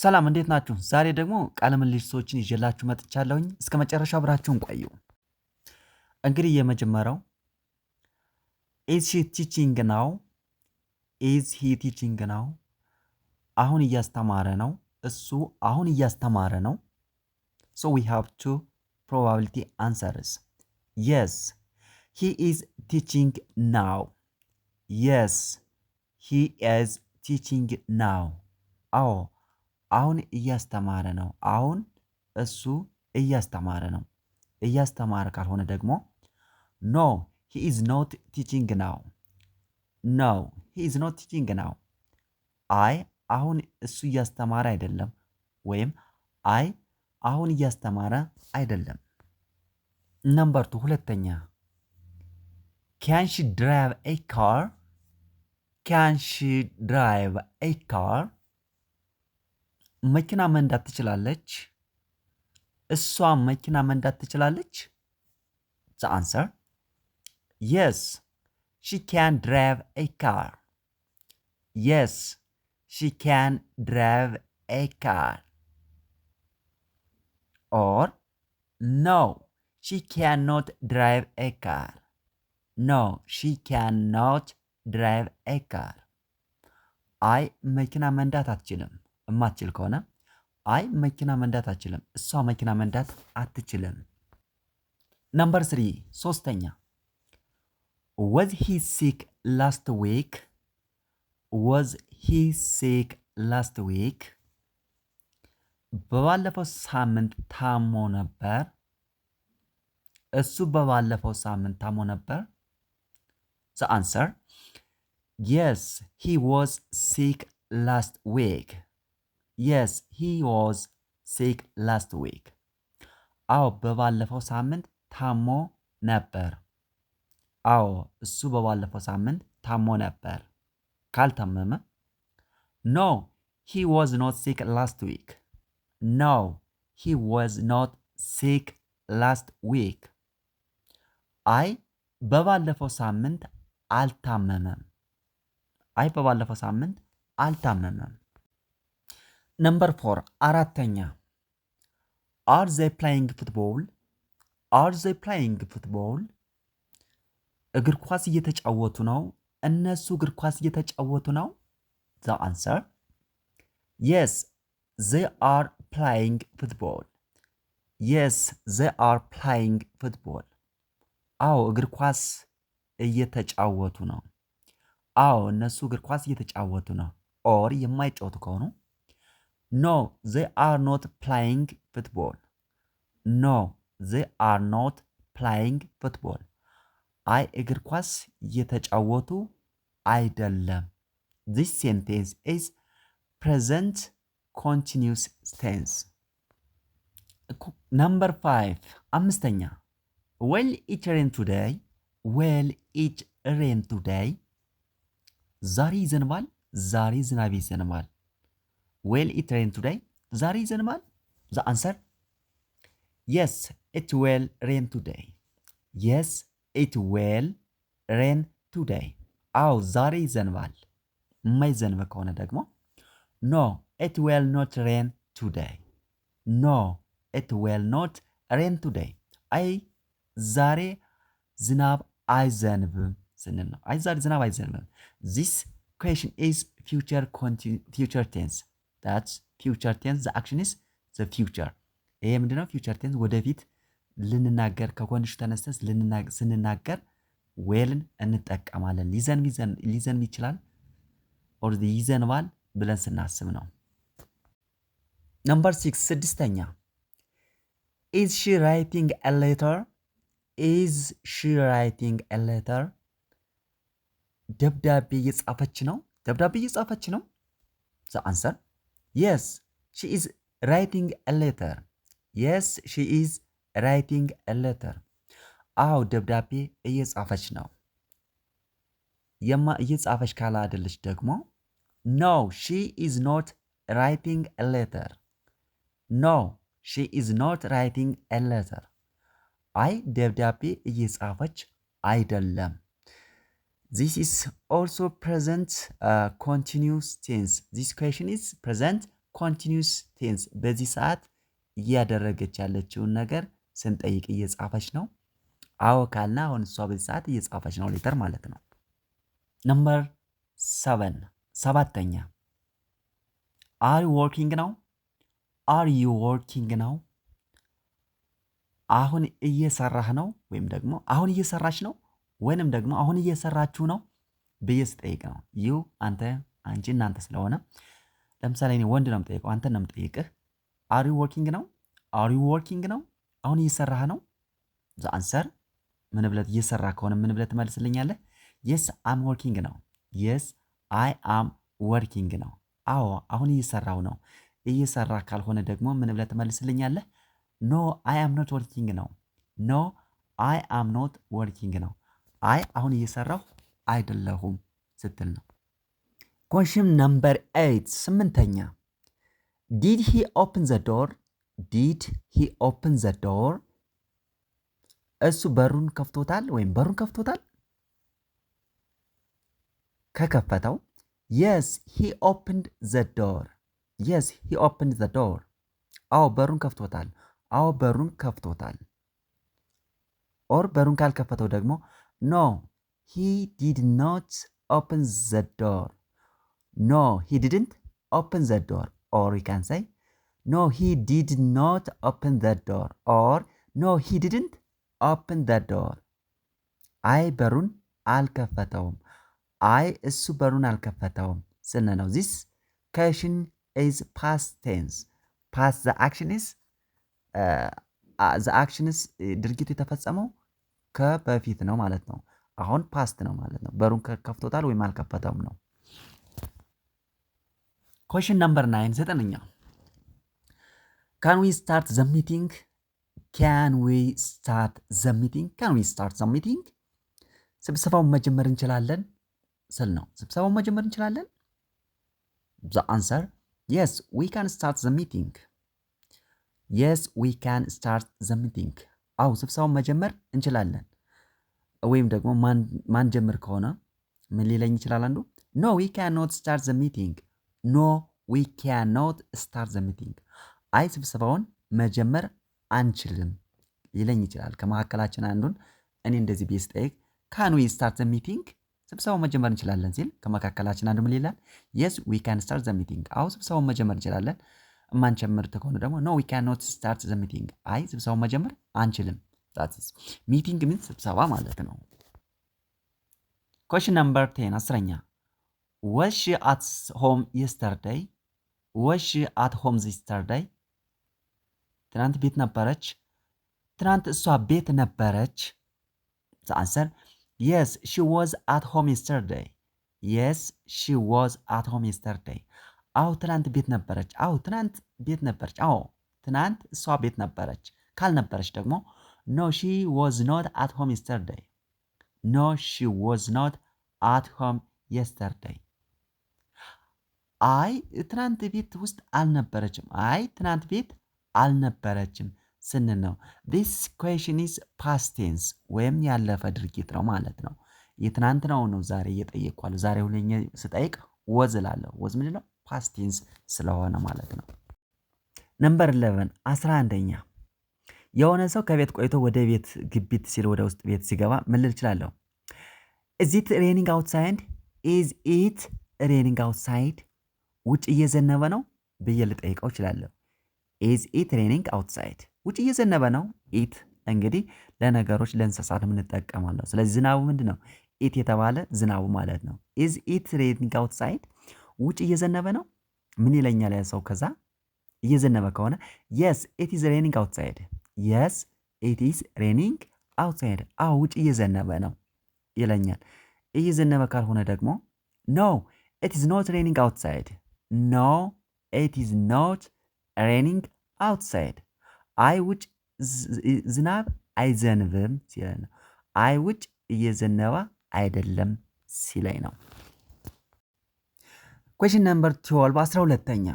ሰላም እንዴት ናችሁ? ዛሬ ደግሞ ቃለ ምልልሶችን ይዤላችሁ መጥቻለሁኝ። እስከ መጨረሻው አብራችሁን ቆዩ። እንግዲህ የመጀመሪያው ኢዝ ሺ ቲቺንግ ናው፣ ኢዝ ሂ ቲቺንግ ናው። አሁን እያስተማረ ነው፣ እሱ አሁን እያስተማረ ነው። ሶ ዊ ሃቭ ቱ ፕሮባቢሊቲ አንሰርስ የስ ሂ ኢዝ ቲቺንግ ናው፣ የስ ሂ ኢዝ ቲቺንግ ናው። አዎ አሁን እያስተማረ ነው። አሁን እሱ እያስተማረ ነው። እያስተማረ ካልሆነ ደግሞ ኖ ሂ ኢዝ ኖት ቲቺንግ ናው። ኖ ሂ ኢዝ ኖት ቲቺንግ ናው። አይ አሁን እሱ እያስተማረ አይደለም፣ ወይም አይ አሁን እያስተማረ አይደለም። ነምበር ቱ ሁለተኛ ካንሺ ድራይቭ ኤ ካር ካንሺ ድራይቭ ኤ ካር መኪና መንዳት ትችላለች? እሷ መኪና መንዳት ትችላለች? ዘ አንሰር የስ ሺ ካን ድራይቭ ኤ ካር። የስ ሺ ካን ድራይቭ ኤ ካር። ኦር ኖ ሺ ካን ኖት ድራይቭ ኤ ካር። ኖ ሺ ካን ኖት ድራይቭ ኤ ካር። አይ መኪና መንዳት አትችልም የማትችል ከሆነ አይ መኪና መንዳት አትችልም፣ እሷ መኪና መንዳት አትችልም። ነምበር ስሪ ሶስተኛ ወዝ ሂ ሲክ ላስት ዊክ ወዝ ሂ ሲክ ላስት ዊክ በባለፈው ሳምንት ታሞ ነበር። እሱ በባለፈው ሳምንት ታሞ ነበር። ዘ አንሰር የስ ሂ ዋዝ ሲክ ላስት ዊክ የስ ሂ ዋዝ ሲክ ላስት ዊክ። አዎ በባለፈው ሳምንት ታሞ ነበር። አዎ እሱ በባለፈው ሳምንት ታሞ ነበር። ካልታመመ ኖ ሂ ዋዝ ኖት ሲክ ላስት ዊክ። ኖ ሂ ዋዝ ኖት ሲክ ላስት ዊክ። አይ በባለፈው ሳምንት አልታመመም። አይ በባለፈው ሳምንት አልታመመም። ነምበር ፎር አራተኛ አር ዘይ ፕላይንግ ፉትቦል አር ዘይ ፕላይንግ ፉትቦል እግር ኳስ እየተጫወቱ ነው። እነሱ እግር ኳስ እየተጫወቱ ነው። ዘ አንሰር የስ ዘይ አር ፕላይንግ ፉትቦል የስ ዘይ አር ፕላይንግ ፉትቦል አዎ እግር ኳስ እየተጫወቱ ነው። አዎ እነሱ እግር ኳስ እየተጫወቱ ነው። ኦር የማይጫወቱ ከሆኑ No, they are not playing football. No, they are not playing football. አይ እግር ኳስ እየተጫወቱ አይደለም። This sentence is present continuous tense. Number five, አምስተኛ Will it rain today? Will it rain today? ዛሬ ይዘንባል። ዛሬ ዝናብ ይዘንባል። ዌል ኢት ሬን ቱዴይ ዛሬ ይዘንባል። ዘ አንሰር የስ ኢት ዌል ሬን ቱዴይ። የስ ኢት ዌል ሬን ቱዴይ። አዎ ዛሬ ይዘንባል። የማይዘንብ ከሆነ ደግሞ ኖ ኢት ዌል ኖት ሬን ቱዴይ። ኖ ኢት ዌል ኖት ሬን ቱዴይ። አይ ዛሬ ዝናብ አይዘንብም ስንል ነው። አይ ዛሬ ዝናብ አይዘንብም። ዚስ ኩዌሽን ኢዝ ፊውቸር ቴንስ ዳትስ ፊውቸር ቴንስ ዘ አክሽን ኢዝ ዘ ፊውቸር። ይሄ ምንድነው? ፊውቸር ቴንስ ወደፊት ልንናገር ከኮንዲሽ ተነስተስ ስንናገር ዌልን እንጠቀማለን። ሊዘን ይችላል ኦር ይዘንባል ብለን ስናስብ ነው። ነምበር ሲክስ ስድስተኛ ኢዝ ሺ ራይቲንግ ኤ ሌተር ኢዝ ሺ ራይቲንግ ኤ ሌተር ደብዳቤ እየጻፈች ነው። ደብዳቤ እየጻፈች ነው። ዘ አንሰር Yes, she is writing a letter. Yes, she is writing a letter. አዎ ደብዳቤ እየጻፈች ነው። የማ እየጻፈች ካላ አይደለች ደግሞ ኖ ሺ ኢዝ ኖት ራይቲንግ አ ሌተር። ኖ ሺ ኢዝ ኖት ራይቲንግ አ ሌተር። አይ ደብዳቤ እየጻፈች አይደለም። ዚስ ኢዝ ኦልሶ ፕሬዘንት ኮንቲኒውስ ቴንስ ዚስ ኩዌሽን ኢዝ ፕሬዘንት ኮንቲኒውስ ቴንስ በዚህ ሰዓት እያደረገች ያለችውን ነገር ስንጠይቅ እየጻፈች ነው። አዎ ካልና አሁን እሷ በዚህ ሰዓት እየጻፈች ነው ሌተር ማለት ነው። ነምበር ሰቨን ሰባተኛ አር ወርኪንግ ነው። አር ዩ ወርኪንግ ነው። አሁን እየሰራህ ነው ወይም ደግሞ አሁን እየሰራች ነው ወይንም ደግሞ አሁን እየሰራችሁ ነው ብዬ ስጠይቅ ነው ዩ አንተ፣ አንቺ፣ እናንተ ስለሆነ ለምሳሌ እኔ ወንድ ነው የምጠይቀው፣ አንተ ነው የምጠይቅህ። አር ዩ ወርኪንግ ነው አር ዩ ወርኪንግ ነው አሁን እየሰራህ ነው። ዘ አንሰር ምን ብለት እየሰራ ከሆነ ምን ብለት ትመልስልኛለህ? የስ አም ወርኪንግ ነው። የስ አይ አም ወርኪንግ ነው። አዎ አሁን እየሰራው ነው። እየሰራ ካልሆነ ደግሞ ምን ብለት ትመልስልኛለህ? ኖ አይ አም ኖት ወርኪንግ ነው። ኖ አይ አም ኖት ወርኪንግ ነው። አይ አሁን እየሰራሁ አይደለሁም ስትል ነው። ኮሽን ነምበር ኤይት ስምንተኛ ዲድ ሂ ኦፕን ዘ ዶር ዲድ ሂ ኦፕን ዘ ዶር እሱ በሩን ከፍቶታል ወይም በሩን ከፍቶታል። ከከፈተው የስ ሂ ኦፕንድ ዘ ዶር የስ ሂ ኦፕንድ ዘ ዶር። አዎ በሩን ከፍቶታል። አዎ በሩን ከፍቶታል። ኦር በሩን ካልከፈተው ደግሞ No, he did not open the door. No, he didn't open the door. Or you can say, No, he did not open the door. Or, No, he didn't open the door. I barun al kafatawm. I su barun al kafatawm. So now this question is past tense. Past the action is, uh, uh the action is, uh, ከበፊት ነው ማለት ነው። አሁን ፓስት ነው ማለት ነው። በሩን ከፍቶታል ወይም አልከፈተውም ነው። ኮሽን ነምበር ናይን ዘጠነኛ ካን ዊ ስታርት ዘ ሚቲንግ ካን ዊ ስታርት ዘ ሚቲንግ ካን ዊ ስታርት ዘ ሚቲንግ ስብሰባውን መጀመር እንችላለን ስል ነው። ስብሰባውን መጀመር እንችላለን። ዘ አንሰር የስ ዊ ካን ስታርት ዘ ሚቲንግ የስ ዊ ካን ስታርት ዘ ሚቲንግ አው ስብሰባውን መጀመር እንችላለን። ወይም ደግሞ ማን ጀምር ከሆነ ምን ሊለኝ ይችላል? አንዱ ኖ ዊ ካን ኖት ስታርት ዘ ሚቲንግ ኖ ዊ ካን ኖት ስታርት ዘ ሚቲንግ አይ ስብሰባውን መጀመር አንችልም ሊለኝ ይችላል። ከመካከላችን አንዱን እኔ እንደዚህ ብዬ ስጠይቅ ካን ዊ ስታርት ዘ ሚቲንግ ስብሰባውን መጀመር እንችላለን ሲል ከመካከላችን አንዱ ምን ይላል? የስ ዊ ካን ስታርት ዘ ሚቲንግ አሁ ስብሰባውን መጀመር እንችላለን የማንጨምር ከሆነ ደግሞ ኖ ዊ ካን ኖት ስታርት ዘ ሚቲንግ፣ አይ ስብሰባው መጀመር አንችልም። ዛትስ ሚቲንግ ምን ስብሰባ ማለት ነው። ኮሽን ነምበር ቴን አስረኛ ወሽ አት ሆም የስተርደይ? ወሽ አት ሆም የስተርደይ? ትናንት ቤት ነበረች። ትናንት እሷ ቤት ነበረች። አንሰር የስ ሺ ወዝ አት ሆም የስተርደይ። የስ ሺ ወዝ አት ሆም የስተርደይ አዎ ትናንት ቤት ነበረች። አዎ ትናንት ቤት ነበረች። አዎ ትናንት እሷ ቤት ነበረች። ካልነበረች ደግሞ ኖ ሺ ወዝ ኖት አት ሆም የስተርደይ። ኖ ሺ ወዝ ኖት አት ሆም የስተርደይ። አይ ትናንት ቤት ውስጥ አልነበረችም። አይ ትናንት ቤት አልነበረችም ስንል ነው። ዲስ ኩዌሽን ኢዝ ፓስት ቴንስ ወይም ያለፈ ድርጊት ነው ማለት ነው። የትናንትናው ነው ዛሬ እየጠየቅኳለሁ። ዛሬ ሁለኛ ስጠይቅ ወዝ እላለሁ። ወዝ ምንድን ነው? ፓስቲንስ ስለሆነ ማለት ነው። ነምበር 11 አስራ አንደኛ የሆነ ሰው ከቤት ቆይቶ ወደ ቤት ግቢት ሲል ወደ ውስጥ ቤት ሲገባ ምን ልል እችላለሁ? ኢዝ ሬኒንግ አውትሳይድ? ኢዝ ኢት ሬኒንግ አውትሳይድ? ውጭ እየዘነበ ነው ብዬ ልጠይቀው እችላለሁ። ኢዝ ኢት ሬኒንግ አውትሳይድ? ውጭ እየዘነበ ነው። ኢት እንግዲህ ለነገሮች ለእንስሳት የምንጠቀማለሁ። ስለዚህ ዝናቡ ምንድን ነው? ኢት የተባለ ዝናቡ ማለት ነው። ኢዝ ኢት ሬኒንግ አውትሳይድ ውጭ እየዘነበ ነው? ምን ይለኛል ያ ሰው? ከዛ እየዘነበ ከሆነ የስ ኢት ኢዝ ሬኒንግ አውትሳይድ፣ የስ ኢት ኢዝ ሬኒንግ አውትሳይድ፣ አዎ ውጭ እየዘነበ ነው ይለኛል። እየዘነበ ካልሆነ ደግሞ ኖ ኢት ኢዝ ኖት ሬኒንግ አውትሳይድ፣ ኖ ኢት ኢዝ ኖት ሬኒንግ አውትሳይድ፣ አይ ውጭ ዝናብ አይዘንብም ሲለኝ ነው። አይ ውጭ እየዘነበ አይደለም ሲለኝ ነው። ኩዌሽን ነምበር ትዌልቭ አስራ ሁለተኛ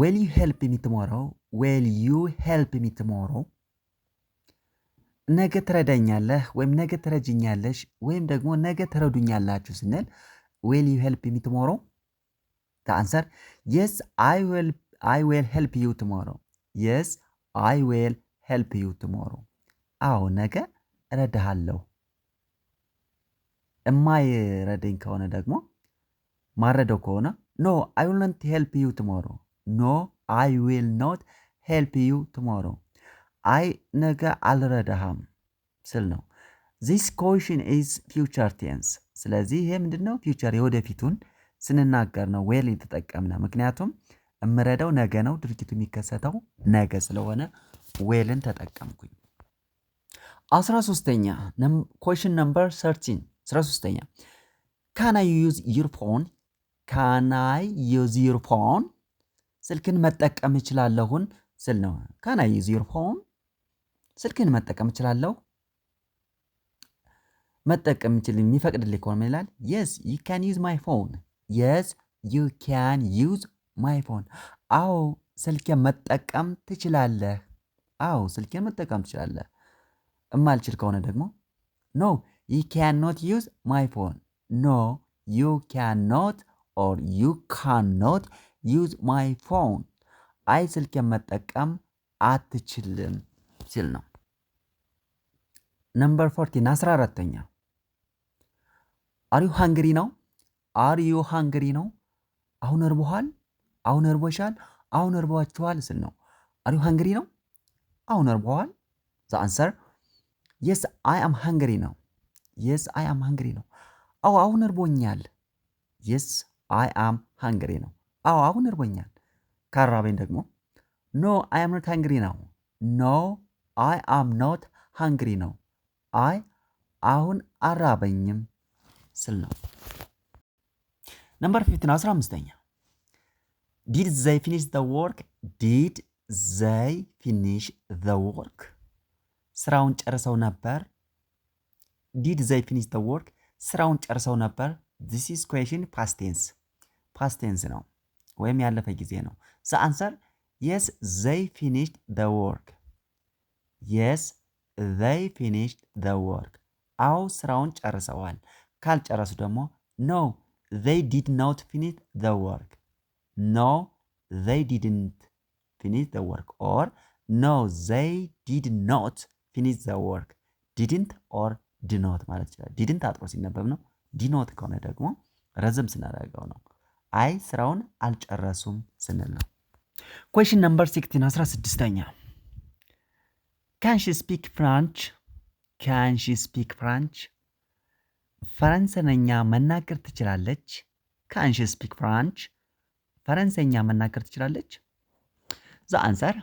ዌል ዩ ሄልፕ የሚትሞሮ ዌል ዩ ሄልፕ የሚትሞሮ ነገ ትረዳኛለህ ወይም ነገ ትረጅኛለሽ ወይም ደግሞ ነገ ትረዱኛላችሁ ስንል ዌል ዩ ሄልፕ የሚትሞሮ ተአንሰር የስ አይ ዌል ሄልፕ ዩ ትሞሮ የስ አይ ዌል ሄልፕ ዩ ትሞሮ አዎ ነገ እረዳሃለሁ። እማይረደኝ ከሆነ ደግሞ ማረደው ከሆነ ኖ አይ ዊል ኖት ሄልፕ ዩ ቱሞሮ፣ ኖ አይ ዊል ኖት ሄልፕ ዩ ቱሞሮ፣ አይ ነገ አልረዳሃም ስል ነው። ዚስ ኮሽን ኢዝ ፊውቸር ቴንስ። ስለዚህ ይሄ ምንድን ነው? ፊውቸር የወደፊቱን ስንናገር ነው ዌል የተጠቀምነ። ምክንያቱም እምረዳው ነገ ነው፣ ድርጊቱ የሚከሰተው ነገ ስለሆነ ዌልን ተጠቀምኩኝ። አስራ ሶስተኛ ኮሽን ነምበር ሰርቲን አስራ ሶስተኛ ካን አይ ዩዝ ዩር ፎን ካናይ ዩር ፎን ስልክን መጠቀም እችላለሁን ስል ነው። ካናይ ዩዚር ፎን ስልክን መጠቀም እችላለሁ። መጠቀም እችል የሚፈቅድልኝ ከሆነ ምን ይላል? የስ ዩ ካን ዩዝ ማይ ፎን። የስ ዩ ካን ዩዝ ማይ ፎን። አዎ ስልኬን መጠቀም ትችላለህ። አዎ ስልኬን መጠቀም ትችላለህ። እማልችል ከሆነ ደግሞ ኖ ዩ ካን ኖት ዩዝ ማይ ፎን። ኖ ዩ ካን ኖት ኦር ዩ ካን ኖት ዩዝ ማይ ፎን አይ ስልኬን መጠቀም አትችልም ሲል ነው። ነምበር ፎርቲን አስራ አራተኛ አርዩ ሃንግሪ ነው። አርዩ ሃንግሪ ነው። አሁን እርቦሃል፣ አሁን እርቦሻል፣ አሁን እርቧችኋል ስል ነው። አርዩ ሃንግሪ ነው። አሁን እርቦሃል። ዘ አንሰር የስ አይ አም ሃንግሪ ነው። የስ አይ አም ሃንግሪ ነው። አዎ አሁን እርቦኛል። የስ አይ አም ሃንግሪ ነው። አዎ አሁን እርቦኛል። ካራበኝ ደግሞ ኖ አይ አም ኖት ሃንግሪ ነው። ኖ አይ አም ኖት ሃንግሪ ነው። አይ አሁን አራበኝም ስል ነው። ነምበር ፊፍቲን አስራ አምስተኛ ዲድ ዘይ ፊኒሽ ዘ ወርክ ዲድ ዘይ ፊኒሽ ዘ ወርክ ስራውን ጨርሰው ነበር። ዲድ ዘይ ፊኒሽ ዘ ወርክ ስራውን ጨርሰው ነበር። ዚስ ኢዝ ኩዌሽን ፓስቴንስ ፓስቴንስ ነው ወይም ያለፈ ጊዜ ነው። ዘ አንሰር የስ ዘይ ፊኒሽድ ዘ ወርክ። የስ ዘይ ፊኒሽድ ዘ ወርክ። አዎ ስራውን ጨርሰዋል። ካልጨረሱ ደግሞ ኖ ዘይ ዲድ ኖት ፊኒሽ ዘ ወርክ። ኖ ዘይ ዲድንት ፊኒሽ ዘ ወርክ ኦር ኖ ዘይ ዲድ ኖት ፊኒሽ ዘ ወርክ። ዲድንት ኦር ዲኖት ማለት ይችላል። ዲድንት አጥሮ ሲነበብ ነው። ዲኖት ከሆነ ደግሞ ረዘም ስናደርገው ነው። አይ ስራውን አልጨረሱም ስንል ነው። ኮሽን ነምበር ሲክስቲን 16 ስድስተኛ ካንሺ ስፒክ ፍራንች ካንሺ ስፒክ ፍራንች ፈረንሰነኛ መናገር ትችላለች። ካንሺ ስፒክ ፍራንች ፈረንሰኛ መናገር ትችላለች። ዘ አንሰር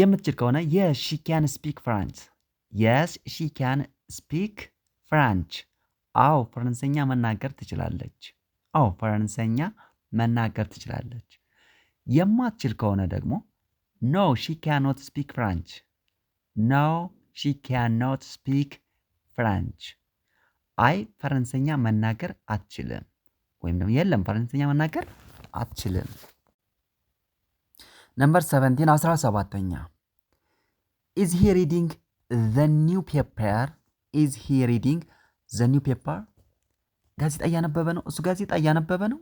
የምትችል ከሆነ የስ ሺ ካን ስፒክ ፍራንች የስ ሺ ካን ስፒክ ፍራንች። አዎ ፈረንሰኛ መናገር ትችላለች። አዎ ፈረንሰኛ መናገር ትችላለች። የማትችል ከሆነ ደግሞ ኖ ሺ ካኖት ስፒክ ፍራንች ኖ ሺ ካኖት ስፒክ ፍራንች አይ ፈረንሰኛ መናገር አትችልም ወይም ደግሞ የለም ፈረንሰኛ መናገር አትችልም። ነምበር 17 አስራ ሰባተኛ ኢዝ ሂ ሪዲንግ ዘ ኒው ፔፐር ኢዝ ሂ ሪዲንግ ዘ ኒው ፔፐር ጋዜጣ እያነበበ ነው። እሱ ጋዜጣ እያነበበ ነው።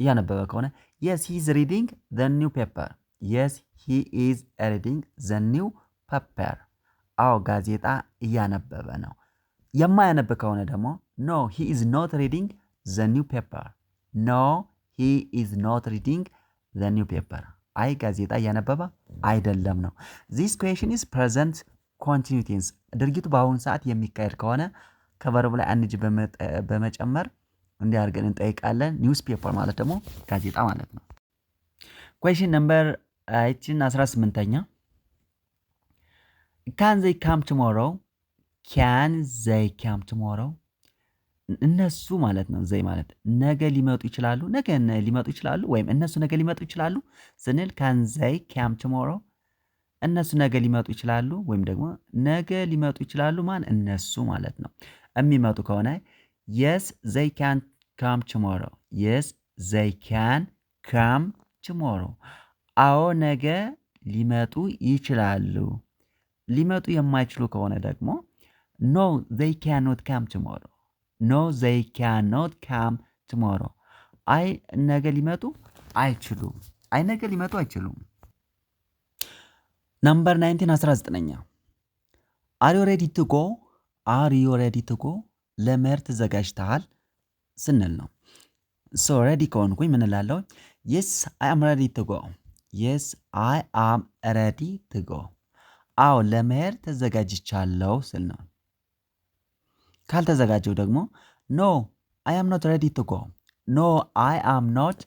እያነበበ ከሆነ የስ ሂዝ ሪዲንግ ዘ ኒው ፔፐር። የስ ሂ ኢዝ ሪዲንግ ዘ ኒው ፔፐር። አዎ ጋዜጣ እያነበበ ነው። የማያነብ ከሆነ ደግሞ ኖ ሂ ኢዝ ኖት ሪዲንግ ዘ ኒው ፔፐር። ኖ ሂ ኢዝ ኖት ሪዲንግ ዘ ኒው ፔፐር። አይ ጋዜጣ እያነበበ አይደለም ነው። ዚስ ኩዌሽን ኢዝ ፕሬዘንት ኮንቲኒው ቴንስ። ድርጊቱ በአሁኑ ሰዓት የሚካሄድ ከሆነ ከቨርቡ ላይ አንጅ በመጨመር እንዲያርገን እንጠይቃለን። ኒውስ ፔፐር ማለት ደግሞ ጋዜጣ ማለት ነው። ኩዌሽን ነምበር ይችን አስራ ስምንተኛ ካን ዘይ ካም ቱሞሮ ካን ዘይ ካም ቱሞሮ እነሱ ማለት ነው። ዘይ ማለት ነገ ሊመጡ ይችላሉ፣ ነገ ሊመጡ ይችላሉ ወይም እነሱ ነገ ሊመጡ ይችላሉ ስንል ካን ዘይ ካም ቱሞሮ እነሱ ነገ ሊመጡ ይችላሉ ወይም ደግሞ ነገ ሊመጡ ይችላሉ ማን እነሱ ማለት ነው። የሚመጡ ከሆነ የስ ዘይ ካን ካም ችሞሮ፣ የስ ዘይ ካን ካም ችሞሮ። አዎ ነገ ሊመጡ ይችላሉ። ሊመጡ የማይችሉ ከሆነ ደግሞ ኖ ዘይ ካን ኖት ካም ችሞሮ፣ ኖ ዘይ ካን ኖት ካም ችሞሮ። አይ ነገ ሊመጡ አይችሉም። አይ ነገ ሊመጡ አይችሉም። ናምበር ናይንቲን 19 ዘጠነኛ አሪ ሬዲ ቱ ጎ አር ዩ ሬዲ ቱ ለመሄድ ተዘጋጅተሃል ስንል ነው። ሶ ሬዲ ከሆንኩኝ ምን እላለሁ? የስ አይ አም ሬዲ ቱ የስ አይ አም ሬዲ ቱ አዎ ለመሄድ ተዘጋጅቻለሁ ስል ነው። ካልተዘጋጀው ደግሞ ኖ አይ አም ኖት ሬዲ ቱ ኖ አይ አም ኖት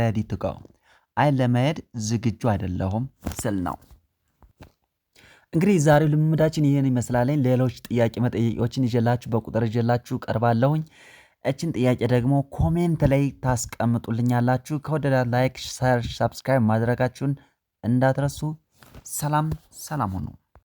ሬዲ ቱ አይ ለመሄድ ዝግጁ አይደለሁም ስል ነው። እንግዲህ ዛሬው ልምምዳችን ይህን ይመስላለኝ። ሌሎች ጥያቄ መጠየቂዎችን ይዤላችሁ በቁጥር ይዤላችሁ ቀርባለሁኝ። እችን ጥያቄ ደግሞ ኮሜንት ላይ ታስቀምጡልኛላችሁ። ከወደዳ ላይክ፣ ሸር፣ ሰብስክራይብ ማድረጋችሁን እንዳትረሱ። ሰላም ሰላም ሁኑ።